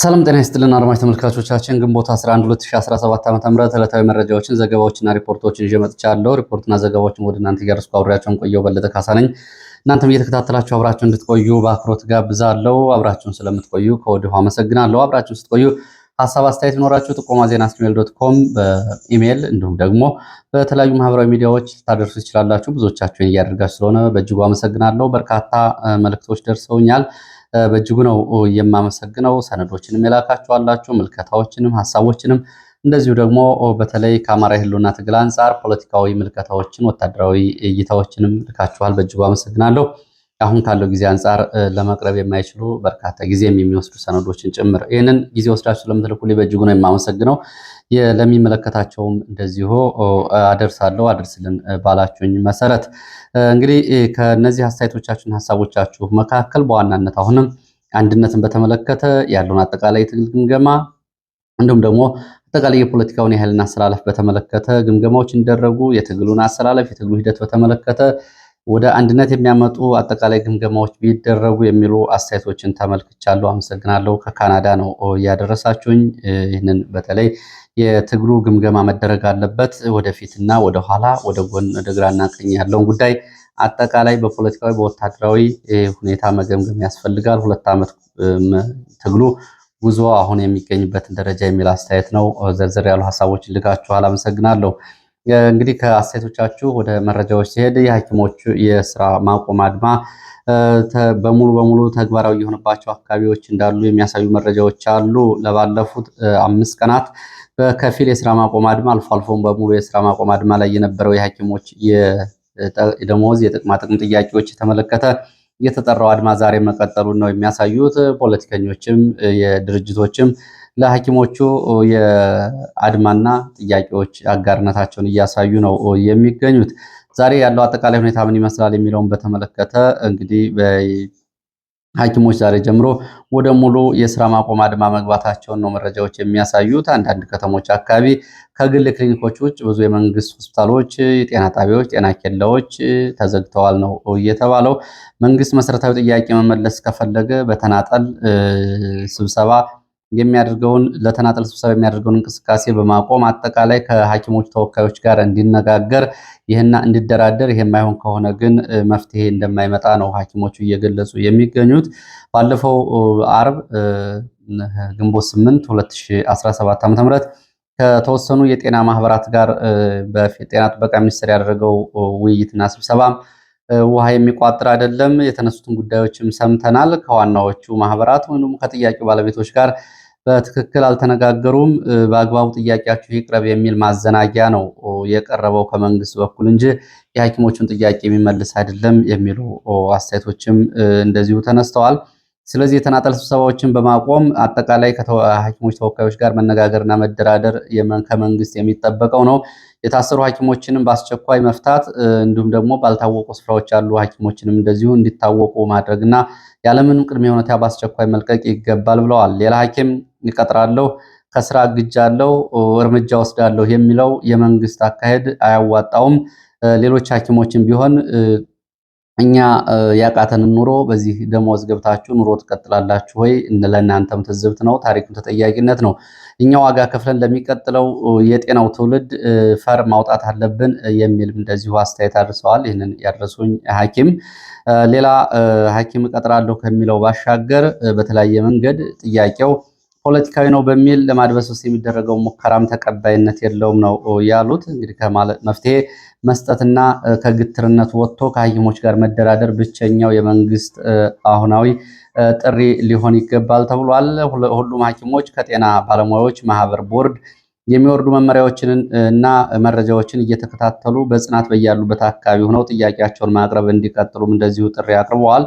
ሰላም ጤና ይስጥልን አድማጭ ተመልካቾቻችን፣ ግንቦት 11 2017 ዓ ም ዕለታዊ መረጃዎችን ዘገባዎችና ሪፖርቶችን ይዤ መጥቻለሁ። ሪፖርትና ዘገባዎችን ወደ እናንተ እያደረስኩ አብሬያቸውን ቆየው በለጠ ካሳ ነኝ። እናንተም እየተከታተላችሁ አብራችሁ እንድትቆዩ በአክብሮት ጋብዛለሁ። አብራችሁን ስለምትቆዩ ከወዲሁ አመሰግናለሁ። አብራችሁን ስትቆዩ ሀሳብ አስተያየት ቢኖራችሁ ጥቆማ ዜና ጂሜል ዶት ኮም በኢሜይል እንዲሁም ደግሞ በተለያዩ ማህበራዊ ሚዲያዎች ልታደርሱ ትችላላችሁ። ብዙዎቻችሁን እያደርጋችሁ ስለሆነ በእጅጉ አመሰግናለሁ። በርካታ መልእክቶች ደርሰውኛል። በእጅጉ ነው የማመሰግነው። ሰነዶችንም የላካችሁ አላችሁ፣ ምልከታዎችንም ሀሳቦችንም እንደዚሁ ደግሞ በተለይ ከአማራ የህልውና ትግል አንጻር ፖለቲካዊ ምልከታዎችን፣ ወታደራዊ እይታዎችንም ልካችኋል። በእጅጉ አመሰግናለሁ። አሁን ካለው ጊዜ አንጻር ለመቅረብ የማይችሉ በርካታ ጊዜም የሚወስዱ ሰነዶችን ጭምር ይህንን ጊዜ ወስዳችሁ ለምትልኩልኝ በእጅጉ ነው የማመሰግነው። ለሚመለከታቸውም እንደዚሁ አደርሳለሁ አደርስልን ባላችሁኝ መሰረት እንግዲህ ከነዚህ አስተያየቶቻችሁን ሀሳቦቻችሁ መካከል በዋናነት አሁንም አንድነትን በተመለከተ ያለውን አጠቃላይ ትግል ግምገማ እንዲሁም ደግሞ አጠቃላይ የፖለቲካውን ያህልን አሰላለፍ በተመለከተ ግምገማዎች እንዲደረጉ የትግሉን አሰላለፍ የትግሉ ሂደት በተመለከተ ወደ አንድነት የሚያመጡ አጠቃላይ ግምገማዎች ቢደረጉ የሚሉ አስተያየቶችን ተመልክቻለሁ። አመሰግናለሁ። ከካናዳ ነው ያደረሳችሁኝ። ይህንን በተለይ የትግሉ ግምገማ መደረግ አለበት። ወደፊትና ወደኋላ፣ ወደ ጎን፣ ወደ ግራና ቀኝ ያለውን ጉዳይ አጠቃላይ በፖለቲካዊ በወታደራዊ ሁኔታ መገምገም ያስፈልጋል። ሁለት ዓመት ትግሉ ጉዞ አሁን የሚገኝበትን ደረጃ የሚል አስተያየት ነው። ዘርዘር ያሉ ሀሳቦች ልካችኋል። አመሰግናለሁ። እንግዲህ ከአስተያየቶቻችሁ ወደ መረጃዎች ሲሄድ የሐኪሞቹ የስራ ማቆም አድማ በሙሉ በሙሉ ተግባራዊ የሆነባቸው አካባቢዎች እንዳሉ የሚያሳዩ መረጃዎች አሉ። ለባለፉት አምስት ቀናት በከፊል የስራ ማቆም አድማ፣ አልፎ አልፎም በሙሉ የስራ ማቆም አድማ ላይ የነበረው የሐኪሞች ደሞዝ የጥቅማጥቅም ጥያቄዎች የተመለከተ የተጠራው አድማ ዛሬ መቀጠሉን ነው የሚያሳዩት። ፖለቲከኞችም የድርጅቶችም ለሐኪሞቹ የአድማና ጥያቄዎች አጋርነታቸውን እያሳዩ ነው የሚገኙት። ዛሬ ያለው አጠቃላይ ሁኔታ ምን ይመስላል የሚለውን በተመለከተ እንግዲህ ሐኪሞች ዛሬ ጀምሮ ወደ ሙሉ የስራ ማቆም አድማ መግባታቸውን ነው መረጃዎች የሚያሳዩት። አንዳንድ ከተሞች አካባቢ ከግል ክሊኒኮች ውጭ ብዙ የመንግስት ሆስፒታሎች፣ ጤና ጣቢያዎች፣ ጤና ኬላዎች ተዘግተዋል ነው እየተባለው። መንግስት መሰረታዊ ጥያቄ መመለስ ከፈለገ በተናጠል ስብሰባ የሚያደርገውን ለተናጠል ስብሰባ የሚያደርገውን እንቅስቃሴ በማቆም አጠቃላይ ከሐኪሞች ተወካዮች ጋር እንዲነጋገር ይህና እንዲደራደር፣ ይሄ የማይሆን ከሆነ ግን መፍትሄ እንደማይመጣ ነው ሐኪሞቹ እየገለጹ የሚገኙት። ባለፈው አርብ ግንቦት 8 2017 ዓ.ም ከተወሰኑ የጤና ማህበራት ጋር በጤና ጥበቃ ሚኒስቴር ያደረገው ውይይትና ስብሰባ ውሃ የሚቋጥር አይደለም። የተነሱትን ጉዳዮችም ሰምተናል። ከዋናዎቹ ማህበራት ወይም ከጥያቄው ባለቤቶች ጋር በትክክል አልተነጋገሩም፣ በአግባቡ ጥያቄያቸው ይቅረብ የሚል ማዘናጊያ ነው የቀረበው ከመንግስት በኩል እንጂ የሐኪሞቹን ጥያቄ የሚመልስ አይደለም የሚሉ አስተያየቶችም እንደዚሁ ተነስተዋል። ስለዚህ የተናጠል ስብሰባዎችን በማቆም አጠቃላይ ከሐኪሞች ተወካዮች ጋር መነጋገርና መደራደር ከመንግስት የሚጠበቀው ነው። የታሰሩ ሐኪሞችንም በአስቸኳይ መፍታት እንዲሁም ደግሞ ባልታወቁ ስፍራዎች ያሉ ሐኪሞችንም እንደዚሁ እንዲታወቁ ማድረግና ያለምንም ቅድመ ሁኔታ በአስቸኳይ መልቀቅ ይገባል ብለዋል። ሌላ ሐኪም እቀጥራለሁ፣ ከስራ አግጃለሁ፣ እርምጃ ወስዳለሁ የሚለው የመንግስት አካሄድ አያዋጣውም። ሌሎች ሐኪሞችም ቢሆን እኛ ያቃተንን ኑሮ በዚህ ደሞዝ ገብታችሁ ኑሮ ትቀጥላላችሁ ወይ? ለእናንተም ትዝብት ነው፣ ታሪክም ተጠያቂነት ነው። እኛ ዋጋ ክፍለን ለሚቀጥለው የጤናው ትውልድ ፈር ማውጣት አለብን የሚል እንደዚሁ አስተያየት አድርሰዋል። ይህንን ያደረሱኝ ሐኪም ሌላ ሐኪም እቀጥራለሁ ከሚለው ባሻገር በተለያየ መንገድ ጥያቄው ፖለቲካዊ ነው በሚል ለማድበስ ውስጥ የሚደረገው ሙከራም ተቀባይነት የለውም ነው ያሉት። እንግዲህ መፍትሄ መስጠትና ከግትርነት ወጥቶ ከሐኪሞች ጋር መደራደር ብቸኛው የመንግስት አሁናዊ ጥሪ ሊሆን ይገባል ተብሏል። ሁሉም ሐኪሞች ከጤና ባለሙያዎች ማህበር ቦርድ የሚወርዱ መመሪያዎችን እና መረጃዎችን እየተከታተሉ በጽናት በያሉበት አካባቢ ሆነው ጥያቄያቸውን ማቅረብ እንዲቀጥሉም እንደዚሁ ጥሪ አቅርበዋል።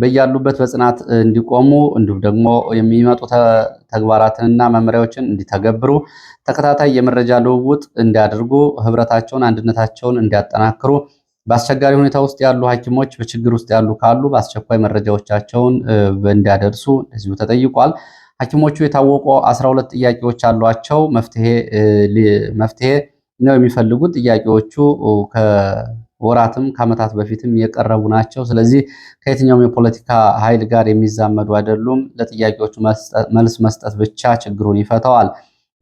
በያሉበት በጽናት እንዲቆሙ እንዲሁም ደግሞ የሚመጡ ተግባራትንና መመሪያዎችን እንዲተገብሩ ተከታታይ የመረጃ ልውውጥ እንዲያደርጉ ህብረታቸውን፣ አንድነታቸውን እንዲያጠናክሩ በአስቸጋሪ ሁኔታ ውስጥ ያሉ ሐኪሞች በችግር ውስጥ ያሉ ካሉ በአስቸኳይ መረጃዎቻቸውን እንዲያደርሱ እንደዚሁ ተጠይቋል። ሐኪሞቹ የታወቁ አስራ ሁለት ጥያቄዎች አሏቸው። መፍትሄ ነው የሚፈልጉት ጥያቄዎቹ ወራትም ከዓመታት በፊትም የቀረቡ ናቸው። ስለዚህ ከየትኛውም የፖለቲካ ኃይል ጋር የሚዛመዱ አይደሉም። ለጥያቄዎቹ መልስ መስጠት ብቻ ችግሩን ይፈተዋል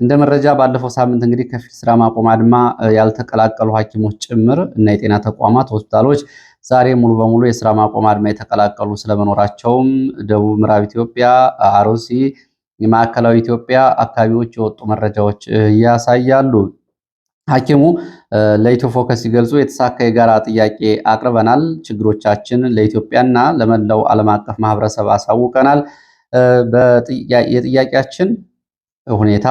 እንደ መረጃ ባለፈው ሳምንት እንግዲህ ከፊል ስራ ማቆም አድማ ያልተቀላቀሉ ሐኪሞች ጭምር እና የጤና ተቋማት ሆስፒታሎች ዛሬ ሙሉ በሙሉ የስራ ማቆም አድማ የተቀላቀሉ ስለመኖራቸውም ደቡብ ምዕራብ ኢትዮጵያ፣ አሮሲ፣ ማዕከላዊ ኢትዮጵያ አካባቢዎች የወጡ መረጃዎች ያሳያሉ። ሐኪሙ ለኢትዮ ፎከስ ሲገልጹ የተሳካ የጋራ ጥያቄ አቅርበናል። ችግሮቻችን ለኢትዮጵያና ለመላው ዓለም አቀፍ ማህበረሰብ አሳውቀናል። የጥያቄያችን ሁኔታ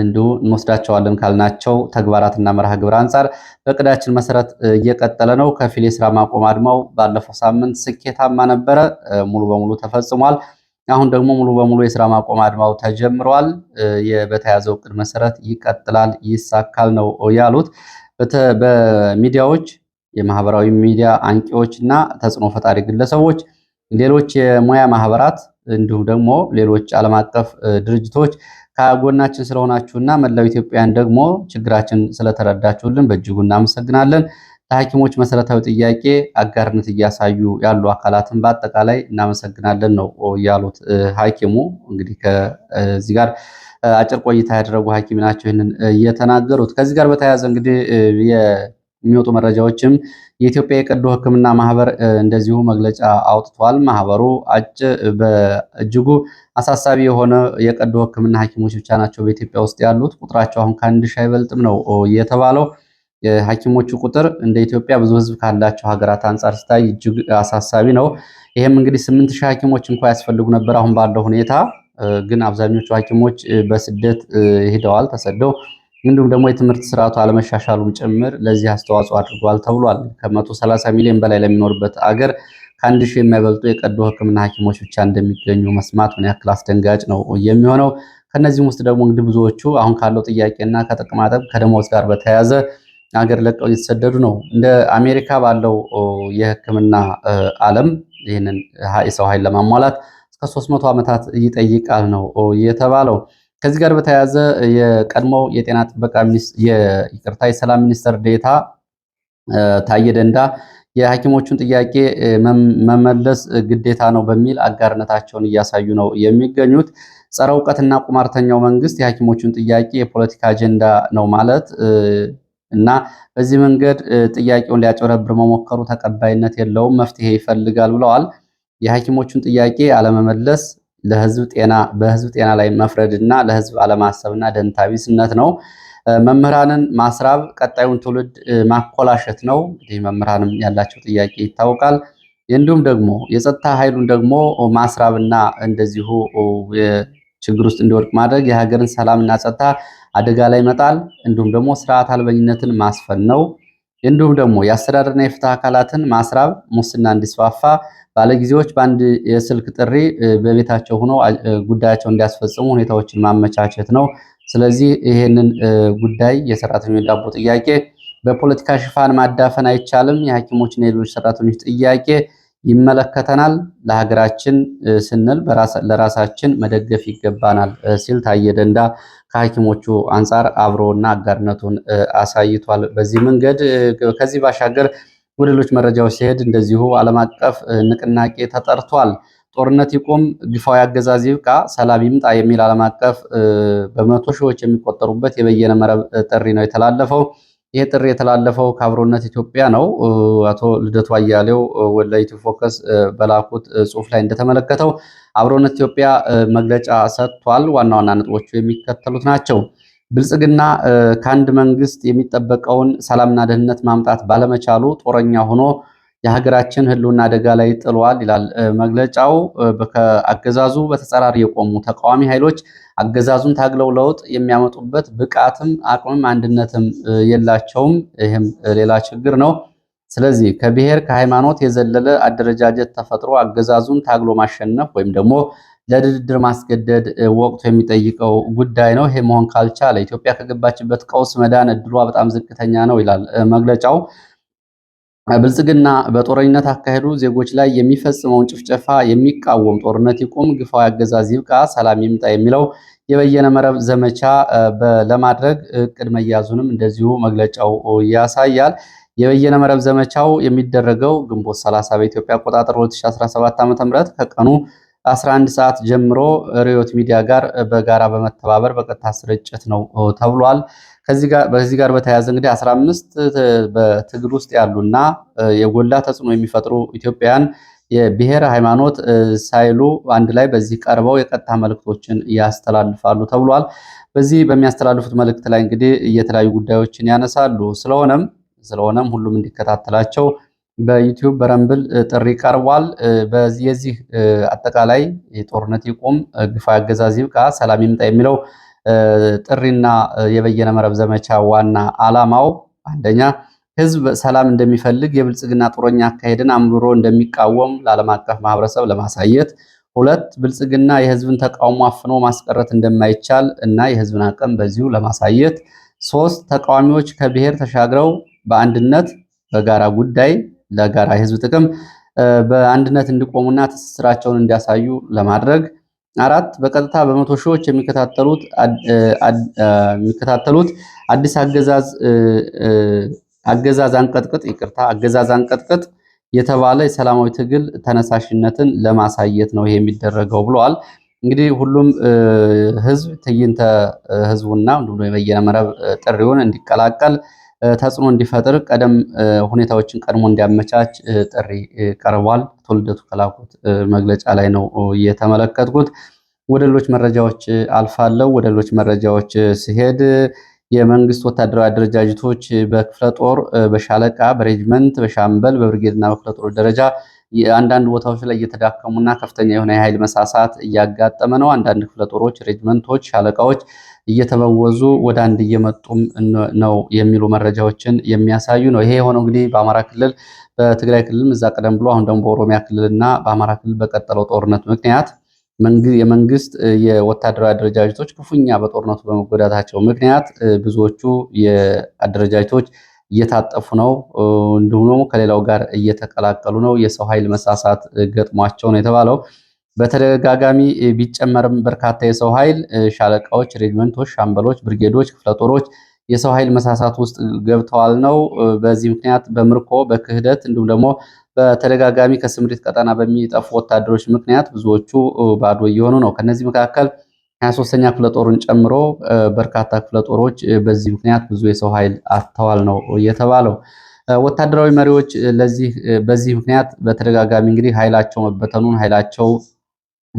እንዲሁ እንወስዳቸዋለን ካልናቸው ተግባራትና መርሃ ግብር አንጻር በቅዳችን መሰረት እየቀጠለ ነው። ከፊል የስራ ማቆም አድማው ባለፈው ሳምንት ስኬታማ ነበረ፣ ሙሉ በሙሉ ተፈጽሟል። አሁን ደግሞ ሙሉ በሙሉ የስራ ማቆም አድማው ተጀምሯል። በተያዘው እቅድ መሰረት ይቀጥላል፣ ይሳካል ነው ያሉት። በሚዲያዎች የማህበራዊ ሚዲያ አንቂዎች እና ተጽዕኖ ፈጣሪ ግለሰቦች፣ ሌሎች የሙያ ማህበራት እንዲሁም ደግሞ ሌሎች ዓለም አቀፍ ድርጅቶች ከጎናችን ስለሆናችሁና መላው ኢትዮጵያን ደግሞ ችግራችን ስለተረዳችሁልን በእጅጉ እናመሰግናለን። ለሐኪሞች መሰረታዊ ጥያቄ አጋርነት እያሳዩ ያሉ አካላትን በአጠቃላይ እናመሰግናለን ነው ያሉት ሐኪሙ እንግዲህ ከዚህ ጋር አጭር ቆይታ ያደረጉ ሐኪም ናቸው ይህንን እየተናገሩት ከዚህ ጋር በተያያዘ እንግዲህ የሚወጡ መረጃዎችም የኢትዮጵያ የቀዶ ሕክምና ማህበር እንደዚሁ መግለጫ አውጥቷል። ማህበሩ አጭ በእጅጉ አሳሳቢ የሆነ የቀዶ ሕክምና ሐኪሞች ብቻ ናቸው በኢትዮጵያ ውስጥ ያሉት። ቁጥራቸው አሁን ከአንድ ሺህ አይበልጥም ነው የተባለው። የሐኪሞቹ ቁጥር እንደ ኢትዮጵያ ብዙ ህዝብ ካላቸው ሀገራት አንጻር ሲታይ እጅግ አሳሳቢ ነው። ይህም እንግዲህ ስምንት ሺህ ሐኪሞች እንኳ ያስፈልጉ ነበር አሁን ባለው ሁኔታ ግን አብዛኞቹ ሐኪሞች በስደት ሄደዋል ተሰደው እንዲሁም ደግሞ የትምህርት ስርዓቱ አለመሻሻሉም ጭምር ለዚህ አስተዋጽኦ አድርጓል ተብሏል። ከ130 ሚሊዮን በላይ ለሚኖርበት አገር ከአንድ ሺህ የማይበልጡ የቀዶ ሕክምና ሐኪሞች ብቻ እንደሚገኙ መስማት ምን ያክል አስደንጋጭ ነው የሚሆነው። ከእነዚህም ውስጥ ደግሞ እንግዲህ ብዙዎቹ አሁን ካለው ጥያቄና ከጥቅማጥቅም ከደሞዝ ጋር በተያያዘ አገር ለቀው እየተሰደዱ ነው። እንደ አሜሪካ ባለው የሕክምና ዓለም ይህንን የሰው ኃይል ለማሟላት እስከ 300 ዓመታት ይጠይቃል ነው የተባለው። ከዚህ ጋር በተያያዘ የቀድሞ የጤና ጥበቃ ይቅርታ የሰላም ሚኒስትር ዴታ ታየ ደንዳ የሐኪሞቹን ጥያቄ መመለስ ግዴታ ነው በሚል አጋርነታቸውን እያሳዩ ነው የሚገኙት። ጸረ እውቀትና ቁማርተኛው መንግስት የሐኪሞቹን ጥያቄ የፖለቲካ አጀንዳ ነው ማለት እና በዚህ መንገድ ጥያቄውን ሊያጭበረብር መሞከሩ ተቀባይነት የለውም፣ መፍትሄ ይፈልጋል ብለዋል። የሐኪሞቹን ጥያቄ አለመመለስ ለህዝብ ጤና በህዝብ ጤና ላይ መፍረድና ለህዝብ አለማሰብና ደንታቢስነት ነው። መምህራንን ማስራብ ቀጣዩን ትውልድ ማኮላሸት ነው። እንግዲህ መምህራንም ያላቸው ጥያቄ ይታወቃል። እንዲሁም ደግሞ የጸጥታ ኃይሉን ደግሞ ማስራብና እንደዚሁ ችግር ውስጥ እንዲወድቅ ማድረግ የሀገርን ሰላምና ጸጥታ አደጋ ላይ መጣል፣ እንዲሁም ደግሞ ስርዓት አልበኝነትን ማስፈን ነው። እንዲሁም ደግሞ የአስተዳደርና የፍትህ አካላትን ማስራብ ሙስና እንዲስፋፋ ባለጊዜዎች በአንድ የስልክ ጥሪ በቤታቸው ሆነው ጉዳያቸውን እንዲያስፈጽሙ ሁኔታዎችን ማመቻቸት ነው። ስለዚህ ይሄንን ጉዳይ የሰራተኞች ዳቦ ጥያቄ በፖለቲካ ሽፋን ማዳፈን አይቻልም። የሐኪሞችና የሌሎች ሰራተኞች ጥያቄ ይመለከተናል። ለሀገራችን ስንል ለራሳችን መደገፍ ይገባናል ሲል ታየ ደንዳ ከሐኪሞቹ አንጻር አብሮና አጋርነቱን አሳይቷል። በዚህ መንገድ ከዚህ ባሻገር ወደ ሌሎች መረጃዎች ሲሄድ እንደዚሁ ዓለም አቀፍ ንቅናቄ ተጠርቷል። ጦርነት ይቁም፣ ግፋዊ አገዛዝ ይብቃ፣ ሰላም ይምጣ የሚል ዓለም አቀፍ በመቶ ሺዎች የሚቆጠሩበት የበየነ መረብ ጥሪ ነው የተላለፈው። ይህ ጥሪ የተላለፈው ከአብሮነት ኢትዮጵያ ነው። አቶ ልደቱ አያሌው ለኢትዮ ፎከስ በላኩት ጽሁፍ ላይ እንደተመለከተው አብሮነት ኢትዮጵያ መግለጫ ሰጥቷል። ዋና ዋና ነጥቦቹ የሚከተሉት ናቸው። ብልጽግና ከአንድ መንግስት የሚጠበቀውን ሰላምና ደህንነት ማምጣት ባለመቻሉ ጦረኛ ሆኖ የሀገራችን ህልውና አደጋ ላይ ጥሏል ይላል መግለጫው። ከአገዛዙ በተጸራሪ የቆሙ ተቃዋሚ ኃይሎች አገዛዙን ታግለው ለውጥ የሚያመጡበት ብቃትም አቅምም አንድነትም የላቸውም። ይህም ሌላ ችግር ነው። ስለዚህ ከብሔር ከሃይማኖት የዘለለ አደረጃጀት ተፈጥሮ አገዛዙን ታግሎ ማሸነፍ ወይም ደግሞ ለድርድር ማስገደድ ወቅቱ የሚጠይቀው ጉዳይ ነው። ይሄ መሆን ካልቻለ ኢትዮጵያ ከገባችበት ቀውስ መዳን እድሏ በጣም ዝቅተኛ ነው ይላል መግለጫው። ብልጽግና በጦረኝነት አካሄዱ ዜጎች ላይ የሚፈጽመውን ጭፍጨፋ የሚቃወም ጦርነት ይቁም፣ ግፋዊ አገዛዝ ይብቃ፣ ሰላም ይምጣ የሚለው የበየነ መረብ ዘመቻ ለማድረግ እቅድ መያዙንም እንደዚሁ መግለጫው ያሳያል። የበየነ መረብ ዘመቻው የሚደረገው ግንቦት 30 በኢትዮጵያ አቆጣጠር 2017 ዓ.ም ከቀኑ 11 ሰዓት ጀምሮ ሪዮት ሚዲያ ጋር በጋራ በመተባበር በቀጥታ ስርጭት ነው ተብሏል። ከዚህ ጋር በተያያዘ እንግዲህ 15 በትግል ውስጥ ያሉና የጎላ ተጽዕኖ የሚፈጥሩ ኢትዮጵያን የብሔር ሃይማኖት ሳይሉ አንድ ላይ በዚህ ቀርበው የቀጥታ መልእክቶችን ያስተላልፋሉ ተብሏል። በዚህ በሚያስተላልፉት መልእክት ላይ እንግዲህ የተለያዩ ጉዳዮችን ያነሳሉ። ስለሆነም ስለሆነም ሁሉም እንዲከታተላቸው በዩቲዩብ በረምብል ጥሪ ቀርቧል። የዚህ አጠቃላይ ጦርነት ይቁም፣ ግፋ አገዛዝ ይብቃ፣ ሰላም ይምጣ የሚለው ጥሪና የበየነ መረብ ዘመቻ ዋና ዓላማው አንደኛ ህዝብ ሰላም እንደሚፈልግ የብልጽግና ጦረኛ አካሄድን አምርሮ እንደሚቃወም ለዓለም አቀፍ ማህበረሰብ ለማሳየት፣ ሁለት ብልጽግና የህዝብን ተቃውሞ አፍኖ ማስቀረት እንደማይቻል እና የህዝብን አቅም በዚሁ ለማሳየት፣ ሶስት ተቃዋሚዎች ከብሔር ተሻግረው በአንድነት በጋራ ጉዳይ ለጋራ የህዝብ ጥቅም በአንድነት እንዲቆሙና ትስስራቸውን እንዲያሳዩ ለማድረግ አራት በቀጥታ በመቶ ሺዎች የሚከታተሉት አዲስ አገዛዝ አንቀጥቅጥ ይቅርታ አገዛዝ አንቀጥቅጥ የተባለ የሰላማዊ ትግል ተነሳሽነትን ለማሳየት ነው ይሄ የሚደረገው ብለዋል። እንግዲህ ሁሉም ህዝብ ትዕይንተ ህዝቡና ሁሉም የበየነ መረብ ጥሪውን እንዲቀላቀል ተጽዕኖ እንዲፈጥር ቀደም ሁኔታዎችን ቀድሞ እንዲያመቻች ጥሪ ቀርቧል። አቶ ከላኩት መግለጫ ላይ ነው እየተመለከትኩት ወደ ሌሎች መረጃዎች አልፋለሁ። ወደ ሌሎች መረጃዎች ሲሄድ የመንግስት ወታደራዊ አደረጃጀቶች በክፍለ ጦር፣ በሻለቃ፣ በሬጅመንት፣ በሻምበል፣ በብርጌድና በክፍለ ጦር ደረጃ አንዳንድ ቦታዎች ላይ እየተዳከሙና ከፍተኛ የሆነ የኃይል መሳሳት እያጋጠመ ነው። አንዳንድ ክፍለ ጦሮች፣ ሬጅመንቶች፣ ሻለቃዎች እየተበወዙ ወደ አንድ እየመጡም ነው የሚሉ መረጃዎችን የሚያሳዩ ነው። ይሄ የሆነው እንግዲህ በአማራ ክልል በትግራይ ክልልም እዛ ቀደም ብሎ አሁን ደግሞ በኦሮሚያ ክልልና በአማራ ክልል በቀጠለው ጦርነት ምክንያት የመንግስት የወታደራዊ አደረጃጀቶች ክፉኛ በጦርነቱ በመጎዳታቸው ምክንያት ብዙዎቹ የአደረጃጀቶች እየታጠፉ ነው። እንዲሁም ከሌላው ጋር እየተቀላቀሉ ነው። የሰው ኃይል መሳሳት ገጥሟቸው ነው የተባለው። በተደጋጋሚ ቢጨመርም በርካታ የሰው ኃይል ሻለቃዎች፣ ሬጅመንቶች፣ ሻምበሎች፣ ብርጌዶች፣ ክፍለጦሮች የሰው ኃይል መሳሳት ውስጥ ገብተዋል ነው። በዚህ ምክንያት በምርኮ በክህደት እንዲሁም ደግሞ በተደጋጋሚ ከስምሪት ቀጠና በሚጠፉ ወታደሮች ምክንያት ብዙዎቹ ባዶ እየሆኑ ነው። ከነዚህ መካከል ሀያ ሶስተኛ ክፍለ ጦሩን ጨምሮ በርካታ ክፍለ ጦሮች በዚህ ምክንያት ብዙ የሰው ኃይል አጥተዋል ነው የተባለው። ወታደራዊ መሪዎች ለዚህ በዚህ ምክንያት በተደጋጋሚ እንግዲህ ኃይላቸው መበተኑን ኃይላቸው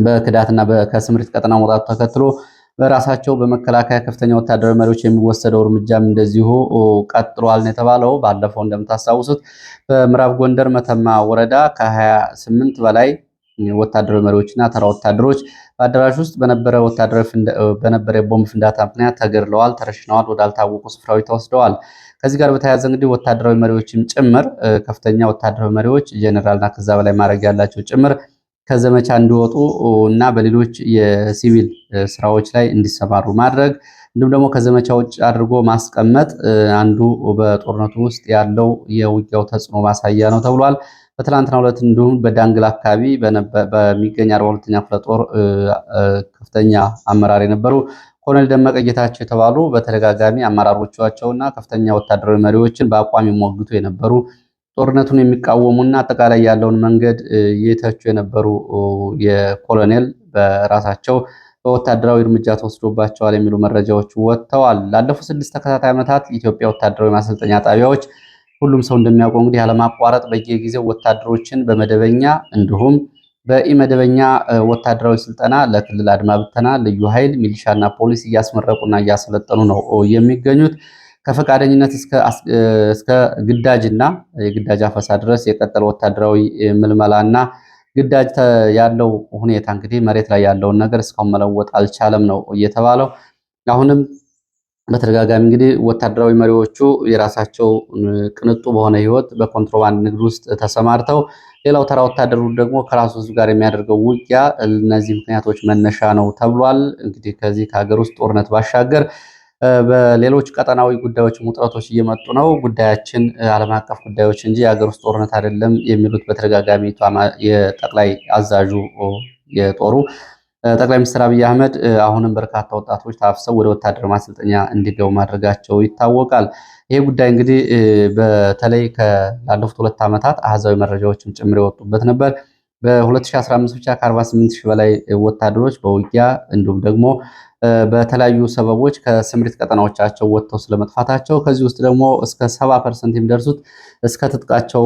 በክዳትና ከስምሪት ቀጠና መውጣቱ ተከትሎ በራሳቸው በመከላከያ ከፍተኛ ወታደራዊ መሪዎች የሚወሰደው እርምጃም እንደዚሁ ቀጥሏል ነው የተባለው። ባለፈው እንደምታስታውሱት በምዕራብ ጎንደር መተማ ወረዳ ከ28 በላይ ወታደራዊ መሪዎችና ተራ ወታደሮች በአዳራሽ ውስጥ በነበረ ወታደራዊ በነበረ የቦምብ ፍንዳታ ምክንያት ተገድለዋል፣ ተረሽነዋል፣ ወዳልታወቁ ስፍራዎች ተወስደዋል። ከዚህ ጋር በተያያዘ እንግዲህ ወታደራዊ መሪዎችም ጭምር ከፍተኛ ወታደራዊ መሪዎች ጀኔራልና ከዛ በላይ ማድረግ ያላቸው ጭምር ከዘመቻ እንዲወጡ እና በሌሎች የሲቪል ስራዎች ላይ እንዲሰማሩ ማድረግ እንዲሁም ደግሞ ከዘመቻ ውጭ አድርጎ ማስቀመጥ አንዱ በጦርነቱ ውስጥ ያለው የውጊያው ተጽዕኖ ማሳያ ነው ተብሏል። በትላንትናው ዕለት እንዲሁም በዳንግላ አካባቢ በሚገኝ አርባ ሁለተኛ ክፍለ ጦር ከፍተኛ አመራር የነበሩ ኮሎኔል ደመቀ ጌታቸው የተባሉ በተደጋጋሚ አመራሮቻቸውና ከፍተኛ ወታደራዊ መሪዎችን በአቋም የሚሞግቱ የነበሩ ጦርነቱን የሚቃወሙና አጠቃላይ ያለውን መንገድ የተቹ የነበሩ የኮሎኔል በራሳቸው በወታደራዊ እርምጃ ተወስዶባቸዋል የሚሉ መረጃዎች ወጥተዋል። ላለፉት ስድስት ተከታታይ ዓመታት የኢትዮጵያ ወታደራዊ ማሰልጠኛ ጣቢያዎች ሁሉም ሰው እንደሚያውቀው እንግዲህ ያለማቋረጥ በየጊዜው ወታደሮችን በመደበኛ እንዲሁም በኢመደበኛ ወታደራዊ ስልጠና ለክልል አድማ ብተና፣ ልዩ ኃይል፣ ሚሊሻና ፖሊስ እያስመረቁና እያሰለጠኑ ነው የሚገኙት። ከፈቃደኝነት እስከ ግዳጅና የግዳጅ አፈሳ ድረስ የቀጠለ ወታደራዊ ምልመላና ግዳጅ ያለው ሁኔታ እንግዲህ መሬት ላይ ያለውን ነገር እስካሁን መለወጥ አልቻለም ነው እየተባለው አሁንም በተደጋጋሚ እንግዲህ ወታደራዊ መሪዎቹ የራሳቸው ቅንጡ በሆነ ህይወት በኮንትሮባንድ ንግድ ውስጥ ተሰማርተው፣ ሌላው ተራ ወታደሩ ደግሞ ከራሱ ህዝብ ጋር የሚያደርገው ውጊያ እነዚህ ምክንያቶች መነሻ ነው ተብሏል። እንግዲህ ከዚህ ከሀገር ውስጥ ጦርነት ባሻገር በሌሎች ቀጠናዊ ጉዳዮች ውጥረቶች እየመጡ ነው። ጉዳያችን ዓለም አቀፍ ጉዳዮች እንጂ የሀገር ውስጥ ጦርነት አይደለም የሚሉት በተደጋጋሚ የጠቅላይ አዛዡ የጦሩ ጠቅላይ ሚኒስትር አብይ አህመድ አሁንም በርካታ ወጣቶች ታፍሰው ወደ ወታደር ማሰልጠኛ እንዲገቡ ማድረጋቸው ይታወቃል። ይሄ ጉዳይ እንግዲህ በተለይ ላለፉት ሁለት ዓመታት አህዛዊ መረጃዎችም ጭምር የወጡበት ነበር። በ2015 ብቻ ከ48 ሺህ በላይ ወታደሮች በውጊያ እንዲሁም ደግሞ በተለያዩ ሰበቦች ከስምሪት ቀጠናዎቻቸው ወጥተው ስለመጥፋታቸው ከዚህ ውስጥ ደግሞ እስከ ሰባ ፐርሰንት የሚደርሱት እስከ ትጥቃቸው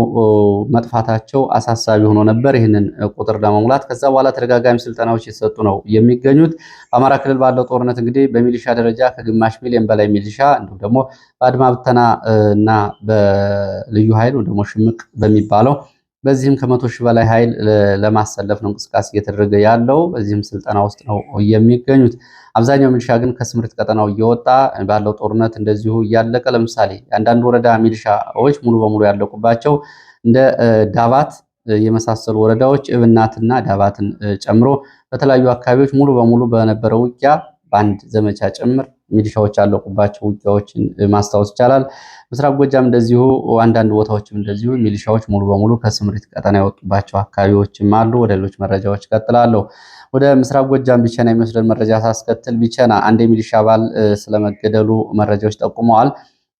መጥፋታቸው አሳሳቢ ሆኖ ነበር። ይህንን ቁጥር ለመሙላት ከዛ በኋላ ተደጋጋሚ ስልጠናዎች የተሰጡ ነው የሚገኙት። በአማራ ክልል ባለው ጦርነት እንግዲህ በሚሊሻ ደረጃ ከግማሽ ሚሊዮን በላይ ሚሊሻ እንዲሁም ደግሞ በአድማ ብተና እና በልዩ ኃይል ደግሞ ሽምቅ በሚባለው በዚህም ከመቶ ሺህ በላይ ኃይል ለማሰለፍ ነው እንቅስቃሴ እየተደረገ ያለው። በዚህም ስልጠና ውስጥ ነው የሚገኙት። አብዛኛው ሚሊሻ ግን ከስምሪት ቀጠናው እየወጣ ባለው ጦርነት እንደዚሁ እያለቀ፣ ለምሳሌ አንዳንድ ወረዳ ሚሊሻዎች ሙሉ በሙሉ ያለቁባቸው እንደ ዳባት የመሳሰሉ ወረዳዎች እብናትና ዳባትን ጨምሮ በተለያዩ አካባቢዎች ሙሉ በሙሉ በነበረው ውጊያ በአንድ ዘመቻ ጭምር ሚሊሻዎች ያለቁባቸው ውጊያዎችን ማስታወስ ይቻላል። ምስራቅ ጎጃም እንደዚሁ አንዳንድ ቦታዎችም እንደዚሁ ሚሊሻዎች ሙሉ በሙሉ ከስምሪት ቀጠና ያወጡባቸው አካባቢዎችም አሉ። ወደ ሌሎች መረጃዎች ቀጥላለሁ ወደ ምስራቅ ጎጃም ቢቸና የሚወስደን መረጃ ሳስከትል ቢቸና አንድ የሚሊሻ አባል ስለመገደሉ መረጃዎች ጠቁመዋል።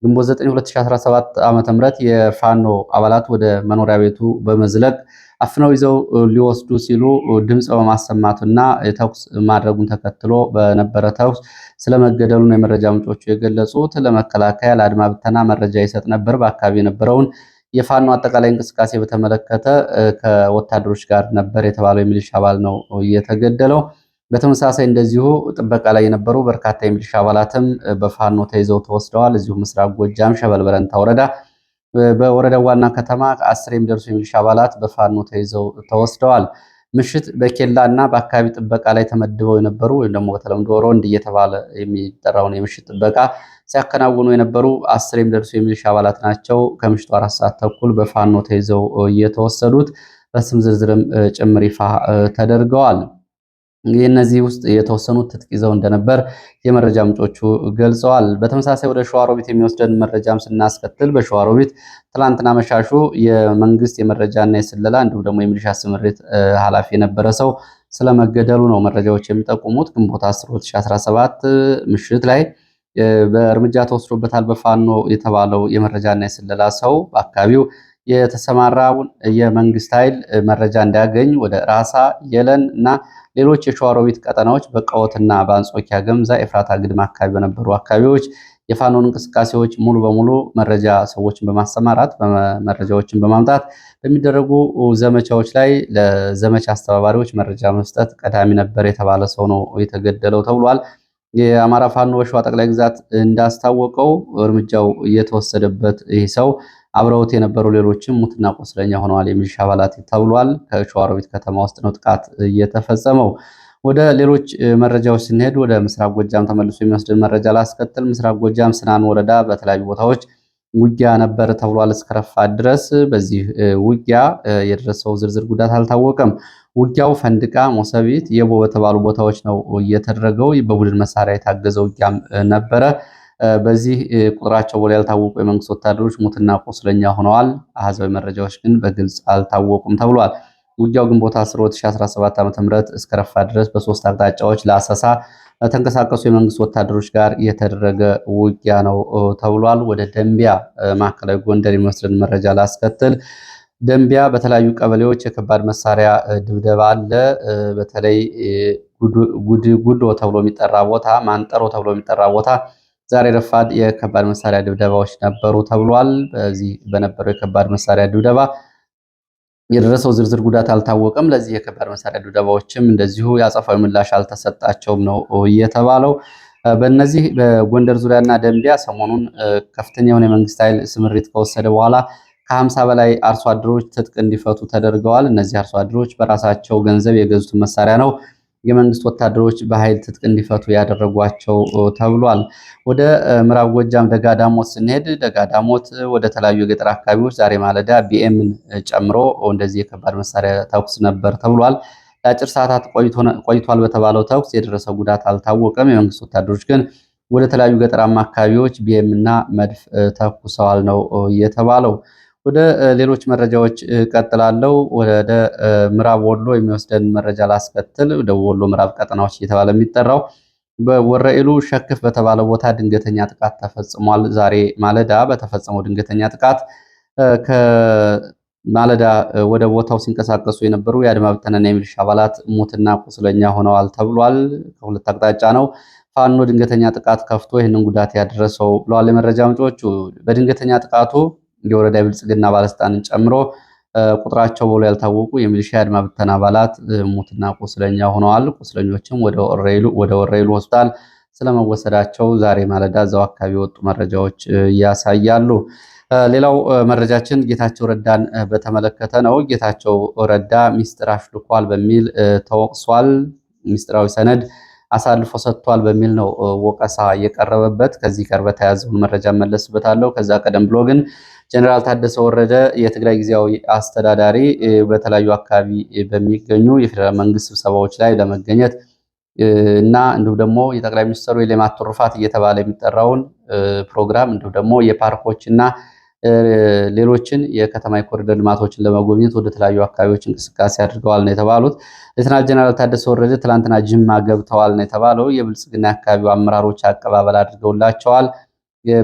ግንቦት 9 2017 ም የፋኖ አባላት ወደ መኖሪያ ቤቱ በመዝለቅ አፍነው ይዘው ሊወስዱ ሲሉ ድምፅ በማሰማቱና ተኩስ ማድረጉን ተከትሎ በነበረ ተኩስ ስለመገደሉ ነው የመረጃ ምንጮቹ የገለጹት። ለመከላከያ ለአድማ ብተና መረጃ ይሰጥ ነበር። በአካባቢ የነበረውን የፋኖ አጠቃላይ እንቅስቃሴ በተመለከተ ከወታደሮች ጋር ነበር የተባለው የሚሊሻ አባል ነው እየተገደለው በተመሳሳይ እንደዚሁ ጥበቃ ላይ የነበሩ በርካታ የሚሊሻ አባላትም በፋኖ ተይዘው ተወስደዋል። እዚሁ ምስራቅ ጎጃም ሸበል በረንታ ወረዳ በወረዳው ዋና ከተማ ከአስር የሚደርሱ የሚሊሻ አባላት በፋኖ ተይዘው ተወስደዋል። ምሽት በኬላ እና በአካባቢ ጥበቃ ላይ ተመድበው የነበሩ ወይም ደግሞ በተለምዶ ሮንድ እየተባለ የሚጠራውን የምሽት ጥበቃ ሲያከናውኑ የነበሩ አስር የሚደርሱ የሚሊሻ አባላት ናቸው ከምሽቱ አራት ሰዓት ተኩል በፋኖ ተይዘው እየተወሰዱት በስም ዝርዝርም ጭምር ይፋ ተደርገዋል። እንግዲህ እነዚህ ውስጥ የተወሰኑት ትጥቅ ይዘው እንደነበር የመረጃ ምንጮቹ ገልጸዋል። በተመሳሳይ ወደ ሸዋሮቢት የሚወስደን መረጃም ስናስከትል በሸዋሮቢት ትላንትና መሻሹ የመንግስት የመረጃና የስለላ እንዲሁም ደግሞ የሚሊሻ ስምሪት ኃላፊ የነበረ ሰው ስለመገደሉ ነው መረጃዎች የሚጠቁሙት። ግንቦት 10 2017 ምሽት ላይ በእርምጃ ተወስዶበታል በፋኖ የተባለው የመረጃና የስለላ ሰው በአካባቢው የተሰማራውን የመንግስት ኃይል መረጃ እንዳያገኝ ወደ ራሳ፣ የለን እና ሌሎች የሸዋሮቢት ቀጠናዎች በቀወትና በአንጾኪያ ገምዛ፣ ኤፍራታ ግድም አካባቢ በነበሩ አካባቢዎች የፋኖን እንቅስቃሴዎች ሙሉ በሙሉ መረጃ ሰዎችን በማሰማራት መረጃዎችን በማምጣት በሚደረጉ ዘመቻዎች ላይ ለዘመቻ አስተባባሪዎች መረጃ መስጠት ቀዳሚ ነበር የተባለ ሰው ነው የተገደለው ተብሏል። የአማራ ፋኖ በሸዋ ጠቅላይ ግዛት እንዳስታወቀው እርምጃው እየተወሰደበት ይህ ሰው አብረውት የነበሩ ሌሎችም ሙትና ቆስለኛ ሆነዋል የሚሊሻ አባላት ተብሏል። ከሸዋሮቢት ከተማ ውስጥ ነው ጥቃት እየተፈጸመው። ወደ ሌሎች መረጃዎች ስንሄድ ወደ ምስራቅ ጎጃም ተመልሶ የሚወስድን መረጃ ላስከትል። ምስራቅ ጎጃም ስናን ወረዳ በተለያዩ ቦታዎች ውጊያ ነበር ተብሏል። እስከረፋ ድረስ በዚህ ውጊያ የደረሰው ዝርዝር ጉዳት አልታወቀም። ውጊያው ፈንድቃ፣ ሞሰቢት፣ የቦ በተባሉ ቦታዎች ነው እየተደረገው። በቡድን መሳሪያ የታገዘ ውጊያም ነበረ። በዚህ ቁጥራቸው ወደ ያልታወቁ የመንግስት ወታደሮች ሙትና ቁስለኛ ሆነዋል። አሃዛዊ መረጃዎች ግን በግልጽ አልታወቁም ተብሏል። ውጊያው ግንቦት 10 2017 ዓ.ም እስከ ረፋ ድረስ በሶስት አቅጣጫዎች ለአሰሳ ተንቀሳቀሱ የመንግስት ወታደሮች ጋር የተደረገ ውጊያ ነው ተብሏል። ወደ ደንቢያ ማዕከላዊ ጎንደር የሚወስድን መረጃ ላስከትል። ደንቢያ በተለያዩ ቀበሌዎች የከባድ መሳሪያ ድብደባ አለ። በተለይ ጉዶ ተብሎ የሚጠራ ቦታ ማንጠሮ ተብሎ የሚጠራ ቦታ ዛሬ ረፋድ የከባድ መሳሪያ ድብደባዎች ነበሩ ተብሏል። በዚህ በነበረው የከባድ መሳሪያ ድብደባ የደረሰው ዝርዝር ጉዳት አልታወቀም። ለዚህ የከባድ መሳሪያ ድብደባዎችም እንደዚሁ የአጸፋዊ ምላሽ አልተሰጣቸውም ነው እየተባለው። በእነዚህ በጎንደር ዙሪያና ደንቢያ ሰሞኑን ከፍተኛ የሆነ የመንግስት ኃይል ስምሪት ከወሰደ በኋላ ከሀምሳ በላይ አርሶ አደሮች ትጥቅ እንዲፈቱ ተደርገዋል። እነዚህ አርሶ አደሮች በራሳቸው ገንዘብ የገዙትን መሳሪያ ነው የመንግስት ወታደሮች በኃይል ትጥቅ እንዲፈቱ ያደረጓቸው ተብሏል። ወደ ምዕራብ ጎጃም ደጋዳሞት ስንሄድ ደጋዳሞት ወደ ተለያዩ የገጠር አካባቢዎች ዛሬ ማለዳ ቢኤምን ጨምሮ እንደዚህ የከባድ መሳሪያ ተኩስ ነበር ተብሏል። ለአጭር ሰዓታት ቆይቷል በተባለው ተኩስ የደረሰ ጉዳት አልታወቀም። የመንግስት ወታደሮች ግን ወደ ተለያዩ ገጠራማ አካባቢዎች ቢኤምና መድፍ ተኩሰዋል ነው የተባለው። ወደ ሌሎች መረጃዎች ቀጥላለው። ወደ ምዕራብ ወሎ የሚወስደን መረጃ ላስከትል። ደቡብ ወሎ ምዕራብ ቀጠናዎች እየተባለ የሚጠራው በወረኢሉ ሸክፍ በተባለ ቦታ ድንገተኛ ጥቃት ተፈጽሟል። ዛሬ ማለዳ በተፈጸመው ድንገተኛ ጥቃት ከማለዳ ወደ ቦታው ሲንቀሳቀሱ የነበሩ የአድማ ብተናና የሚሊሻ አባላት ሙትና ቁስለኛ ሆነዋል ተብሏል። ከሁለት አቅጣጫ ነው ፋኖ ድንገተኛ ጥቃት ከፍቶ ይህንን ጉዳት ያደረሰው ብለዋል የመረጃ ምንጮቹ። በድንገተኛ ጥቃቱ የወረዳ ብልጽግና ባለስልጣንን ጨምሮ ቁጥራቸው በሎ ያልታወቁ የሚሊሻ የአድማ ብተና አባላት ሙትና ቁስለኛ ሆነዋል። ቁስለኞችም ወደ ወረይሉ ሆስፒታል ስለመወሰዳቸው ዛሬ ማለዳ እዛው አካባቢ የወጡ መረጃዎች ያሳያሉ። ሌላው መረጃችን ጌታቸው ረዳን በተመለከተ ነው። ጌታቸው ረዳ ሚስጥር አሽልኳል በሚል ተወቅሷል። ሚስጥራዊ ሰነድ አሳልፎ ሰጥቷል በሚል ነው ወቀሳ የቀረበበት። ከዚህ ጋር በተያያዘውን መረጃ መለስበታለሁ። ከዛ ቀደም ብሎ ግን ጀኔራል ታደሰ ወረደ የትግራይ ጊዜያዊ አስተዳዳሪ በተለያዩ አካባቢ በሚገኙ የፌዴራል መንግስት ስብሰባዎች ላይ ለመገኘት እና እንዲሁም ደግሞ የጠቅላይ ሚኒስትሩ የሌማት ትሩፋት እየተባለ የሚጠራውን ፕሮግራም እንዲሁም ደግሞ እና ሌሎችን የከተማ የኮሪደር ልማቶችን ለመጎብኘት ወደ ተለያዩ አካባቢዎች እንቅስቃሴ አድርገዋል ነው የተባሉት። ሌተናል ጀነራል ታደሰ ወረደ ትላንትና ጅማ ገብተዋል ነው የተባለው። የብልጽግና አካባቢው አመራሮች አቀባበል አድርገውላቸዋል።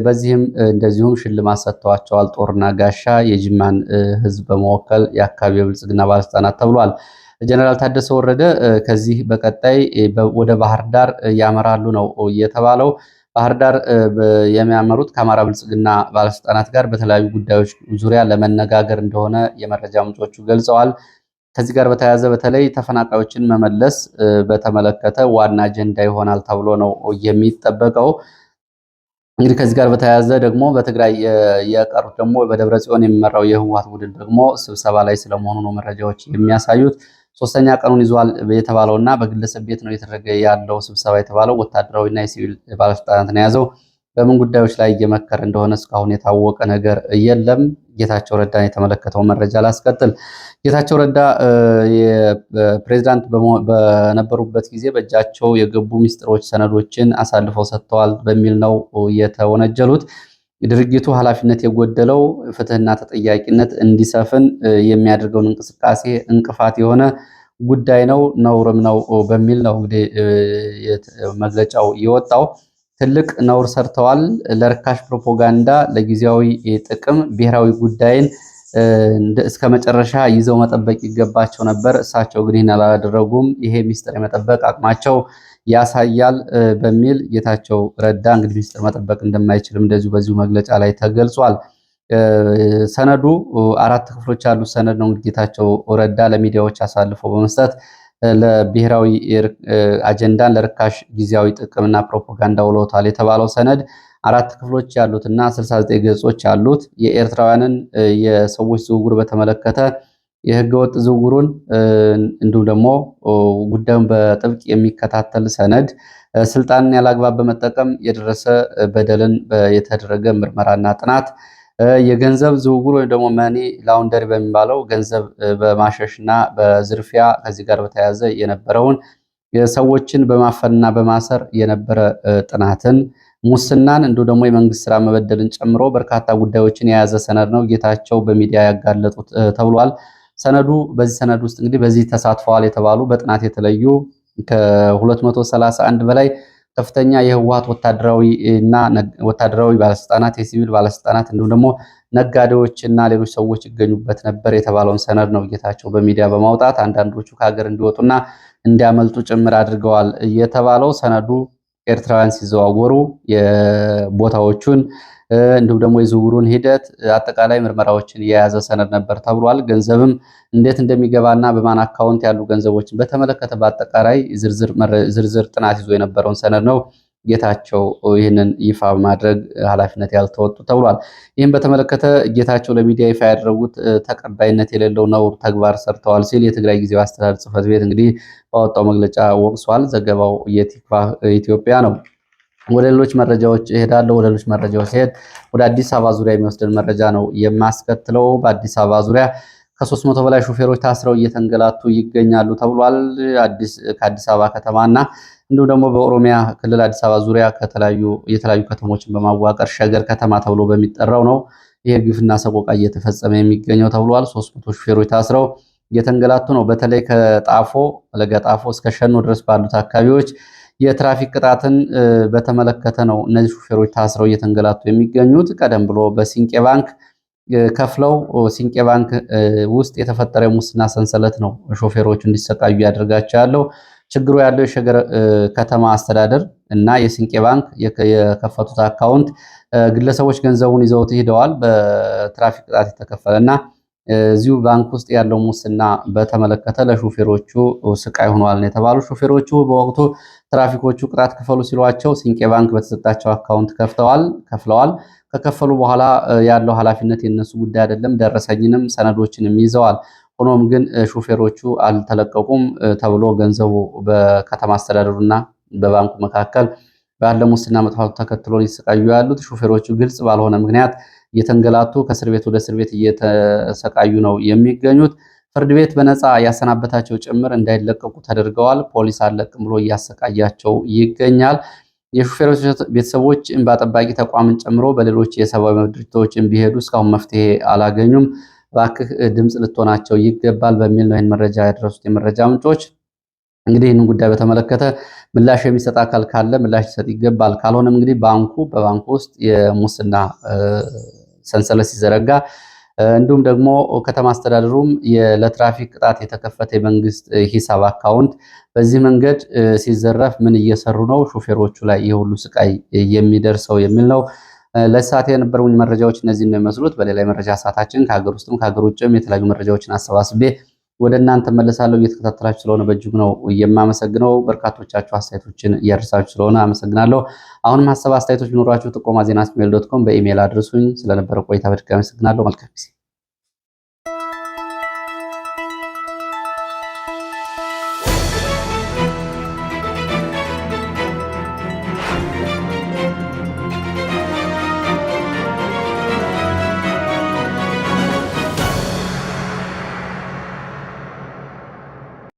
በዚህም እንደዚሁም ሽልማት ሰጥተዋቸዋል። ጦርና ጋሻ የጅማን ህዝብ በመወከል የአካባቢ የብልጽግና ባለስልጣናት ተብሏል። ጀነራል ታደሰ ወረደ ከዚህ በቀጣይ ወደ ባህር ዳር ያመራሉ ነው የተባለው። ባህር ዳር የሚያመሩት ከአማራ ብልጽግና ባለስልጣናት ጋር በተለያዩ ጉዳዮች ዙሪያ ለመነጋገር እንደሆነ የመረጃ ምንጮቹ ገልጸዋል። ከዚህ ጋር በተያያዘ በተለይ ተፈናቃዮችን መመለስ በተመለከተ ዋና አጀንዳ ይሆናል ተብሎ ነው የሚጠበቀው። እንግዲህ ከዚህ ጋር በተያያዘ ደግሞ በትግራይ የቀሩት ደግሞ በደብረ ጽዮን የሚመራው የህወሓት ቡድን ደግሞ ስብሰባ ላይ ስለመሆኑ ነው መረጃዎች የሚያሳዩት። ሶስተኛ ቀኑን ይዟል የተባለው እና በግለሰብ ቤት ነው እየተደረገ ያለው ስብሰባ የተባለው ወታደራዊና የሲቪል ባለስልጣናትን የያዘው በምን ጉዳዮች ላይ እየመከረ እንደሆነ እስካሁን የታወቀ ነገር የለም። ጌታቸው ረዳን የተመለከተው መረጃ ላስቀጥል። ጌታቸው ረዳ ፕሬዚዳንት በነበሩበት ጊዜ በእጃቸው የገቡ ሚስጥሮች ሰነዶችን አሳልፈው ሰጥተዋል በሚል ነው የተወነጀሉት። ድርጊቱ ኃላፊነት የጎደለው ፍትህና ተጠያቂነት እንዲሰፍን የሚያደርገውን እንቅስቃሴ እንቅፋት የሆነ ጉዳይ ነው፣ ነውርም ነው በሚል ነው እንግዲህ መግለጫው የወጣው። ትልቅ ነውር ሰርተዋል። ለርካሽ ፕሮፓጋንዳ፣ ለጊዜያዊ ጥቅም ብሔራዊ ጉዳይን እስከ መጨረሻ ይዘው መጠበቅ ይገባቸው ነበር። እሳቸው ግን ይህን አላደረጉም። ይሄ ሚስጥር የመጠበቅ አቅማቸው ያሳያል በሚል ጌታቸው ረዳ እንግዲህ ሚስጥር መጠበቅ እንደማይችልም እንደዚሁ በዚሁ መግለጫ ላይ ተገልጿል። ሰነዱ አራት ክፍሎች ያሉት ሰነድ ነው። እንግዲህ ጌታቸው ረዳ ለሚዲያዎች አሳልፎ በመስጠት ለብሔራዊ አጀንዳን ለርካሽ ጊዜያዊ ጥቅምና ፕሮፓጋንዳ ውለውታል የተባለው ሰነድ አራት ክፍሎች ያሉትና 69 ገጾች ያሉት የኤርትራውያንን የሰዎች ዝውውር በተመለከተ የህገወጥ ዝውውሩን እንዲሁም ደግሞ ጉዳዩን በጥብቅ የሚከታተል ሰነድ ስልጣንን ያላግባብ በመጠቀም የደረሰ በደልን የተደረገ ምርመራና ጥናት የገንዘብ ዝውውር ወይም ደግሞ መኒ ላውንደር በሚባለው ገንዘብ በማሸሽ እና በዝርፊያ ከዚህ ጋር በተያያዘ የነበረውን ሰዎችን በማፈንና በማሰር የነበረ ጥናትን ሙስናን እንዲሁ ደግሞ የመንግስት ስራ መበደልን ጨምሮ በርካታ ጉዳዮችን የያዘ ሰነድ ነው። ጌታቸው በሚዲያ ያጋለጡት ተብሏል። ሰነዱ በዚህ ሰነድ ውስጥ እንግዲህ በዚህ ተሳትፈዋል የተባሉ በጥናት የተለዩ ከ231 በላይ ከፍተኛ የህወሓት ወታደራዊ እና ወታደራዊ ባለስልጣናት፣ የሲቪል ባለስልጣናት እንዲሁም ደግሞ ነጋዴዎች እና ሌሎች ሰዎች ይገኙበት ነበር የተባለውን ሰነድ ነው ጌታቸው በሚዲያ በማውጣት አንዳንዶቹ ከሀገር እንዲወጡና እንዲያመልጡ ጭምር አድርገዋል የተባለው ሰነዱ ኤርትራውያን ሲዘዋወሩ የቦታዎቹን እንዲሁም ደግሞ የዝውውሩን ሂደት አጠቃላይ ምርመራዎችን የያዘ ሰነድ ነበር ተብሏል። ገንዘብም እንዴት እንደሚገባና በማን አካውንት ያሉ ገንዘቦችን በተመለከተ በአጠቃላይ ዝርዝር ጥናት ይዞ የነበረውን ሰነድ ነው ጌታቸው ይህንን ይፋ ማድረግ ኃላፊነት ያልተወጡ ተብሏል። ይህም በተመለከተ ጌታቸው ለሚዲያ ይፋ ያደረጉት ተቀባይነት የሌለው ነውር ተግባር ሰርተዋል ሲል የትግራይ ጊዜያዊ አስተዳደር ጽሕፈት ቤት እንግዲህ ባወጣው መግለጫ ወቅሷል። ዘገባው የቲክቫህ ኢትዮጵያ ነው። ወደ ሌሎች መረጃዎች እሄዳለሁ። ወደ ሌሎች መረጃዎች ሲሄድ ወደ አዲስ አበባ ዙሪያ የሚወስደን መረጃ ነው የማስከትለው። በአዲስ አበባ ዙሪያ ከሶስት መቶ በላይ ሹፌሮች ታስረው እየተንገላቱ ይገኛሉ ተብሏል። ከአዲስ አበባ ከተማና እንዲሁም ደግሞ በኦሮሚያ ክልል አዲስ አበባ ዙሪያ የተለያዩ ከተሞችን በማዋቀር ሸገር ከተማ ተብሎ በሚጠራው ነው ይሄ ግፍና ሰቆቃ እየተፈጸመ የሚገኘው ተብሏል። ሶስት መቶ ሹፌሮች ታስረው እየተንገላቱ ነው። በተለይ ከጣፎ ለገጣፎ እስከ ሸኖ ድረስ ባሉት አካባቢዎች የትራፊክ ቅጣትን በተመለከተ ነው እነዚህ ሹፌሮች ታስረው እየተንገላቱ የሚገኙት። ቀደም ብሎ በሲንቄ ባንክ ከፍለው ሲንቄ ባንክ ውስጥ የተፈጠረ የሙስና ሰንሰለት ነው ሾፌሮቹ እንዲሰቃዩ ያደርጋቸው ያለው። ችግሩ ያለው የሸገር ከተማ አስተዳደር እና የሲንቄ ባንክ የከፈቱት አካውንት ግለሰቦች ገንዘቡን ይዘውት ሄደዋል። በትራፊክ ቅጣት የተከፈለ እና እዚሁ ባንክ ውስጥ ያለው ሙስና በተመለከተ ለሾፌሮቹ ስቃይ ሆኗል የተባሉ። ሾፌሮቹ በወቅቱ ትራፊኮቹ ቅጣት ክፈሉ ሲሏቸው ሲንቄ ባንክ በተሰጣቸው አካውንት ከፍተዋል ከፍለዋል። ከከፈሉ በኋላ ያለው ኃላፊነት የነሱ ጉዳይ አይደለም። ደረሰኝንም ሰነዶችንም ይዘዋል። ሆኖም ግን ሹፌሮቹ አልተለቀቁም ተብሎ ገንዘቡ በከተማ አስተዳደሩና በባንኩ መካከል ባለ ሙስና መጥፋቱ ተከትሎ ሊሰቃዩ ያሉት ሹፌሮቹ ግልጽ ባልሆነ ምክንያት እየተንገላቱ ከእስር ቤት ወደ እስር ቤት እየተሰቃዩ ነው የሚገኙት። ፍርድ ቤት በነፃ ያሰናበታቸው ጭምር እንዳይለቀቁ ተደርገዋል። ፖሊስ አለቅም ብሎ እያሰቃያቸው ይገኛል። የሹፌሮች ቤተሰቦች እንባ ጠባቂ ተቋምን ጨምሮ በሌሎች የሰብአዊ መብት ድርጅቶችን ቢሄዱ እስካሁን መፍትሄ አላገኙም። እባክህ ድምፅ ልትሆናቸው ይገባል በሚል ነው ይህን መረጃ ያደረሱት የመረጃ ምንጮች። እንግዲህ ይህንን ጉዳይ በተመለከተ ምላሽ የሚሰጥ አካል ካለ ምላሽ ሊሰጥ ይገባል። ካልሆነም እንግዲህ ባንኩ በባንኩ ውስጥ የሙስና ሰንሰለት ሲዘረጋ እንዲሁም ደግሞ ከተማ አስተዳደሩም ለትራፊክ ቅጣት የተከፈተ የመንግስት ሂሳብ አካውንት በዚህ መንገድ ሲዘረፍ ምን እየሰሩ ነው ሾፌሮቹ ላይ የሁሉ ስቃይ የሚደርሰው የሚል ነው። ለሰዓት የነበሩኝ መረጃዎች እነዚህ ነው የሚመስሉት። በሌላ መረጃ ሰዓታችን ከሀገር ውስጥም ከሀገር ውጭም የተለያዩ መረጃዎችን አሰባስቤ ወደ እናንተ መለሳለሁ። እየተከታተላችሁ ስለሆነ በእጅጉ ነው የማመሰግነው። በርካቶቻችሁ አስተያየቶችን እያደርሳችሁ ስለሆነ አመሰግናለሁ። አሁንም ሀሳብ አስተያየቶች ቢኖራችሁ ጥቆማ ዜና ጂሜል ዶት ኮም በኢሜይል አድርሱኝ። ስለነበረ ቆይታ በድጋሚ አመሰግናለሁ። መልካም ጊዜ